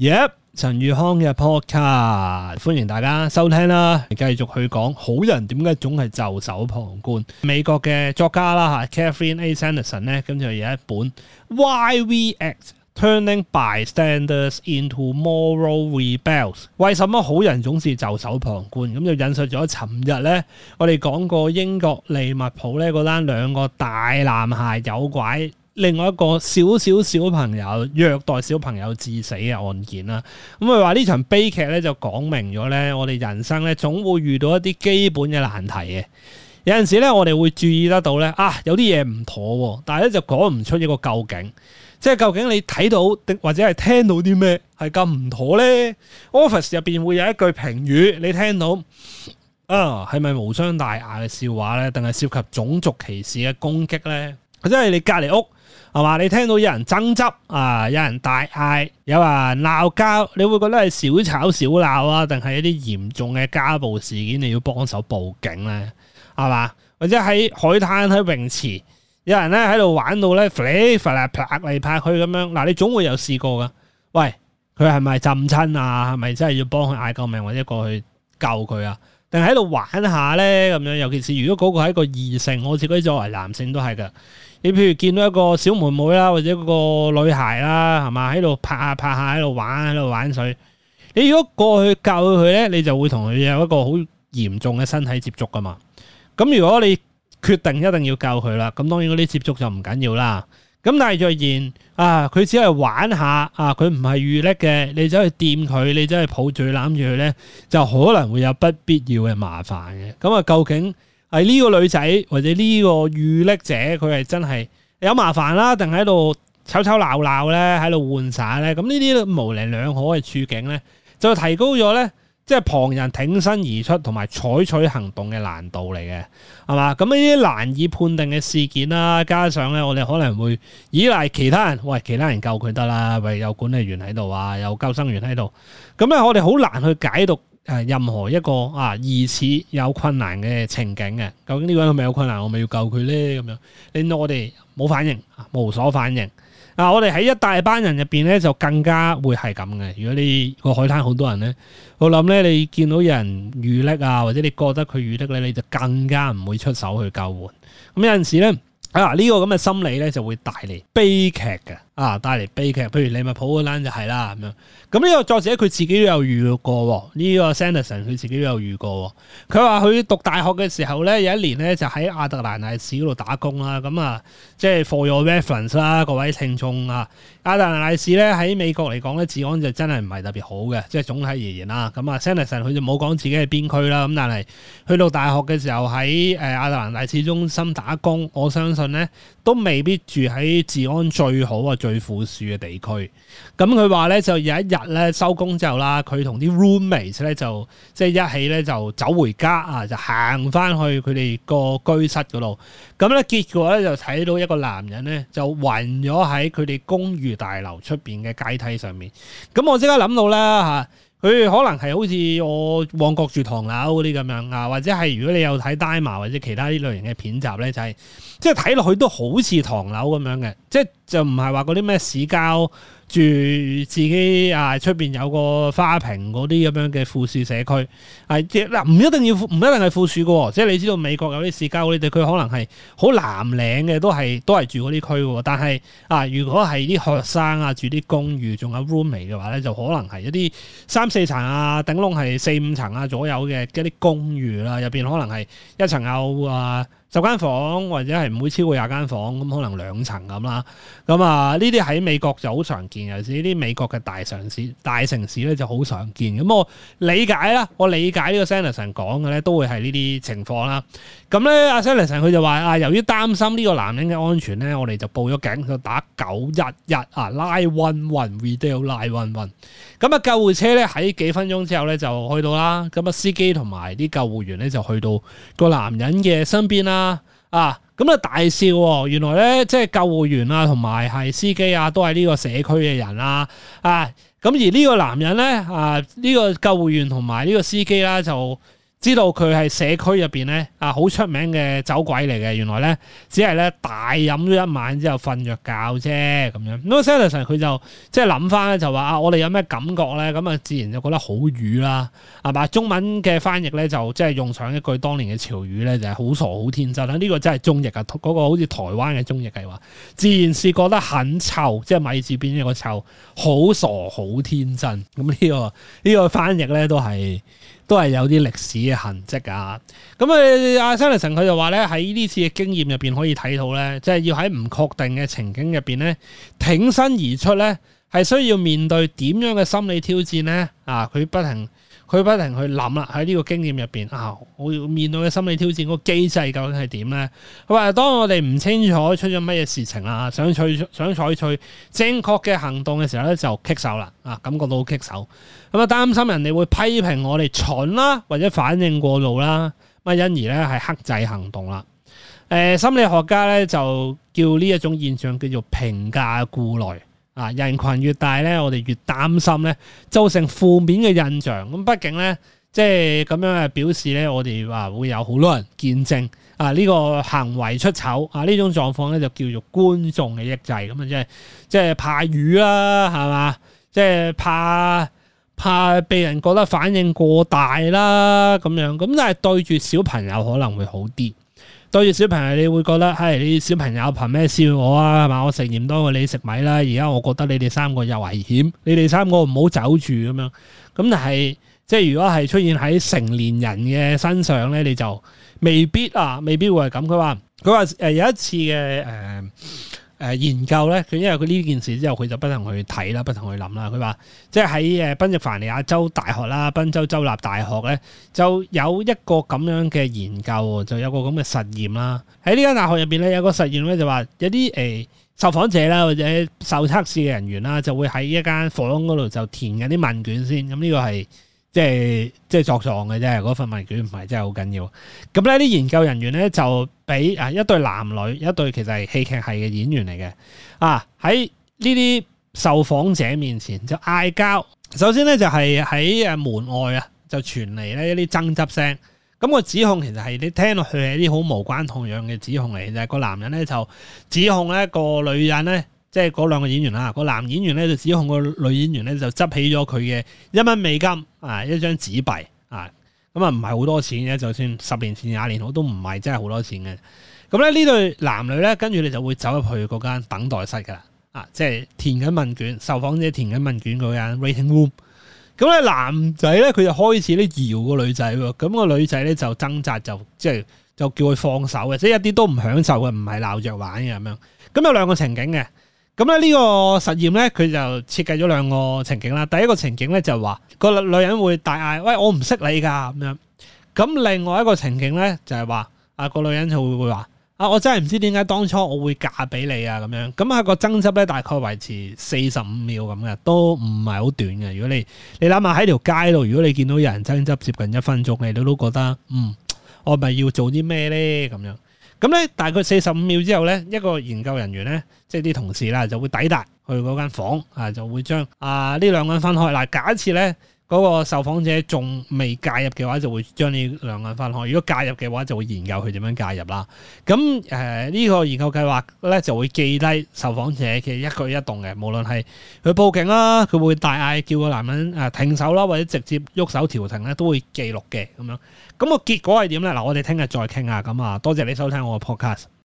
Yep，陳宇康嘅 podcast，歡迎大家收聽啦，繼續去講好人點解總係袖手旁觀。美國嘅作家啦吓，Catherine A. Sanderson 咧，咁就有一本《Why We Act：Turning Bystanders into Moral Rebels》。為什麼好人總是袖手旁觀？咁就引述咗，尋日咧我哋講過英國利物浦咧嗰單兩個大男孩有鬼。另外一個少少小,小朋友虐待小朋友致死嘅案件啦，咁佢話呢場悲劇咧就講明咗呢我哋人生呢，總會遇到一啲基本嘅難題嘅。有陣時呢，我哋會注意得到呢，啊有啲嘢唔妥，但係咧就講唔出一個究竟，即係究竟你睇到或者係聽到啲咩係咁唔妥呢 office 入邊會有一句評語，你聽到啊係咪無傷大雅嘅笑話呢？定係涉及種族歧視嘅攻擊呢？」或者係你隔離屋？係嘛？你聽到有人爭執啊、呃，有人大嗌，有人鬧交，你會覺得係小吵小鬧啊，定係一啲嚴重嘅家暴事件，你要幫手報警咧？係嘛？或者喺海灘、喺泳池，有人咧喺度玩到咧，甩甩嚟，拍嚟拍去咁樣。嗱，你總會有試過噶。喂，佢係咪浸親啊？係咪真係要幫佢嗌救命，或者過去救佢啊？定喺度玩下呢，咁樣，尤其是如果嗰個係一個異性，我自己作為男性都係㗎。你譬如見到一個小妹妹啦，或者嗰個女孩啦，係嘛，喺度拍下拍下，喺度玩喺度玩水。你如果過去救佢呢，你就會同佢有一個好嚴重嘅身體接觸噶嘛。咁如果你決定一定要救佢啦，咁當然嗰啲接觸就唔緊要啦。咁但係若然啊，佢只係玩下啊，佢唔係遇溺嘅，你走去掂佢，你走去抱住攬住佢呢，就可能會有不必要嘅麻煩嘅。咁、嗯、啊，究竟係呢、啊這個女仔或者呢個遇溺者，佢係真係有麻煩啦，定喺度吵吵鬧鬧呢？喺度玩耍呢？咁呢啲無厘兩可嘅處境呢，就提高咗呢。即係旁人挺身而出同埋採取行動嘅難度嚟嘅，係嘛？咁呢啲難以判定嘅事件啦、啊，加上咧，我哋可能會依賴其他人，喂，其他人救佢得啦，喂，有管理員喺度啊，有救生員喺度。咁咧，我哋好難去解讀誒任何一個啊疑似有困難嘅情景嘅，究竟呢個人係咪有困難，我咪要救佢咧？咁樣令到我哋冇反應，無所反應。嗱、啊，我哋喺一大班人入邊咧，就更加會係咁嘅。如果你個海灘好多人咧，我諗咧你見到有人遇溺啊，或者你覺得佢遇溺咧，你就更加唔會出手去救援。咁、嗯、有陣時咧，啊呢、呢個咁嘅心理咧，就會帶嚟悲劇嘅。啊，帶嚟悲劇，譬如你咪普奧蘭就係啦咁樣。咁呢個作者佢自己都有遇過，呢、呢個 Sanderson 佢自己都有遇過。佢話佢讀大學嘅時候呢，有一年呢就喺亞特蘭大市嗰度打工啦。咁啊，即係 For your reference 啦、啊，各位聽眾啊，亞特蘭大市呢喺美國嚟講呢，治安就真係唔係特別好嘅，即係總體而言啦。咁啊，啊 Sanderson 佢就冇講自己係邊區啦。咁、啊、但係去到大學嘅時候喺誒、啊、亞特蘭大市中心打工，我相信呢都未必住喺治安最好啊最富庶嘅地區，咁佢話咧就有一日咧收工之後啦，佢同啲 roommates 咧就即係一起咧就走回家啊，就行翻去佢哋個居室嗰度，咁咧結果咧就睇到一個男人咧就暈咗喺佢哋公寓大樓出邊嘅階梯上面，咁我即刻諗到啦吓。佢可能係好似我旺角住唐樓嗰啲咁樣啊，或者係如果你有睇《Die Ma》或者其他啲類型嘅片集咧，就係即係睇落去都好似唐樓咁樣嘅，即係就唔係話嗰啲咩市郊。住自己啊，出邊有個花瓶嗰啲咁樣嘅富庶社區係，即嗱唔一定要唔一定係富庶嘅、哦，即係你知道美國有啲市郊嗰啲地區，可能係好藍領嘅，都係都係住嗰啲區喎。但係啊，如果係啲學生啊住啲公寓，仲有 roommate 嘅話咧，就可能係一啲三四層啊，頂籠係四五層啊左右嘅一啲公寓啦、啊，入邊可能係一層有啊。十間房間或者係唔會超過廿間房間，咁可能兩層咁啦。咁啊，呢啲喺美國就好常見，尤其是呢啲美國嘅大城市、大城市咧就好常見。咁我理解啦，我理解呢個 Anderson 講嘅咧都會係呢啲情況啦。咁咧、啊，阿 Anderson 佢就話啊，由於擔心呢個男人嘅安全咧，我哋就報咗警，就打九一一啊，nine one one，redial nine one one。咁啊，拉 1, 1, 救護車咧喺幾分鐘之後咧就去到啦。咁啊，司機同埋啲救護員咧就去到個男人嘅身邊啦。啊，哦就是、啊，啊，啊！啊！咁啊，大笑，原來咧，即係救護員啊，同埋係司機啊，都係呢個社區嘅人啦！啊，咁而呢個男人咧，啊，呢個救護員同埋呢個司機啦、啊，就。知道佢係社區入邊咧啊，好出名嘅酒鬼嚟嘅。原來咧，只係咧大飲咗一晚之後瞓著覺啫咁樣。Sullivan 佢就即係諗翻咧，就話啊，我哋有咩感覺咧？咁啊，自然就覺得好瘀啦、啊，係嘛？中文嘅翻譯咧，就即係用上一句當年嘅潮語咧，就係、是、好傻好天真啦。呢、啊這個真係中譯啊，嗰、那個好似台灣嘅中譯計劃，自然是覺得很臭，即、就、係、是、米字邊一個臭，好傻好天真。咁、啊、呢、這個呢、這個翻譯咧，都係。都係有啲歷史嘅痕跡啊！咁啊，阿山立臣佢就話咧，喺呢次嘅經驗入邊可以睇到咧，即係要喺唔確定嘅情景入邊咧，挺身而出咧，係需要面對點樣嘅心理挑戰咧？啊，佢不停。佢不停去諗啦，喺呢個經驗入邊啊，我要面對嘅心理挑戰嗰個機制究竟係點呢？佢話當我哋唔清楚出咗乜嘢事情啦，想取想採取正確嘅行動嘅時候咧，就棘手啦啊，感覺到棘手咁啊，擔心人哋會批評我哋蠢啦，或者反應過度啦，乜因而咧係克制行動啦。誒、呃，心理學家咧就叫呢一種現象叫做評價顧慮。嗱，人群越大咧，我哋越擔心咧，造成負面嘅印象。咁畢竟咧，即係咁樣嘅表示咧，我哋話會有好多人見證啊，呢個行為出醜啊，呢種狀況咧就叫做觀眾嘅抑制。咁、就是、啊，即係即係怕雨啦，係嘛？即係怕怕被人覺得反應過大啦、啊，咁樣。咁但係對住小朋友可能會好啲。對住小朋友，你會覺得，唉、哎，你小朋友憑咩笑我啊？係嘛，我食鹽多過你食米啦。而家我覺得你哋三個有危險，你哋三個唔好走住咁樣。咁但係即係如果係出現喺成年人嘅身上咧，你就未必啊，未必會係咁。佢話佢話誒有一次嘅誒。呃誒、呃、研究咧，佢因為佢呢件事之後，佢就不停去睇啦，不停去諗啦。佢話即係喺誒賓夕凡尼亞州大學啦、賓州州立大學咧，就有一個咁樣嘅研究，就有個咁嘅實驗啦。喺呢間大學入邊咧，有個實驗咧，就話有啲誒受訪者啦，或者受測試嘅人員啦，就會喺一間房嗰度就填緊啲問卷先。咁、嗯、呢、這個係。即係即係作狀嘅啫，嗰份問卷唔係真係好緊要。咁呢啲研究人員呢，就俾啊一對男女，一對其實係戲劇系嘅演員嚟嘅啊，喺呢啲受訪者面前就嗌交。首先呢，就係喺誒門外啊，就傳嚟呢一啲爭執聲。咁、那個指控其實係你聽落去係啲好無關痛癢嘅指控嚟嘅，就係、是、個男人呢，就指控呢個女人呢。即係嗰兩個演員啦，個男演員咧就指控個女演員咧就執起咗佢嘅一蚊美金啊，一張紙幣啊，咁啊唔係好多錢嘅，就算十年前廿年我都唔係真係好多錢嘅。咁咧呢對男女咧跟住你就會走入去嗰間等待室㗎啦，啊即係填緊問卷，受訪者填緊問卷嗰間 waiting room、啊。咁咧男仔咧佢就開始咧搖女、個女仔喎，咁個女仔咧就掙扎就即係、就係、就叫佢放手嘅，即、就、係、係、一啲都唔享受嘅，唔係鬧着玩嘅咁樣。咁有兩個情景嘅。咁咧呢個實驗咧，佢就設計咗兩個情景啦。第一個情景咧就話個女人會大嗌：喂，我唔識你噶，咁樣。咁另外一個情景咧就係話啊個女人就會會話：啊，我真係唔知點解當初我會嫁俾你啊，咁樣。咁啊個爭執咧大概維持四十五秒咁嘅，都唔係好短嘅。如果你你諗下喺條街度，如果你見到有人爭執接近一分鐘，你都都覺得嗯，我咪要做啲咩咧咁樣。咁咧大概四十五秒之後咧，一個研究人員咧，即係啲同事啦，就會抵達去嗰間房啊，就會將啊呢兩個人分開。嗱，假設咧。嗰個受訪者仲未介入嘅話，就會將你兩眼翻開；如果介入嘅話，就會研究佢點樣介入啦。咁誒呢個研究計劃咧，就會記低受訪者嘅一舉一動嘅，無論係佢報警啦，佢會大嗌叫個男人誒停手啦，或者直接喐手調停咧，都會記錄嘅咁樣。咁、那個結果係點咧？嗱，我哋聽日再傾下。咁啊，多謝你收聽我嘅 podcast。